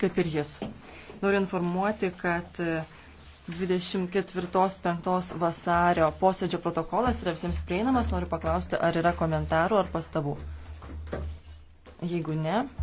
kaip ir jis. Noriu informuoti, kad 24-5 vasario posėdžio protokolas yra visiems prieinamas. Noriu paklausti, ar yra komentarų ar pastabų. Jeigu ne,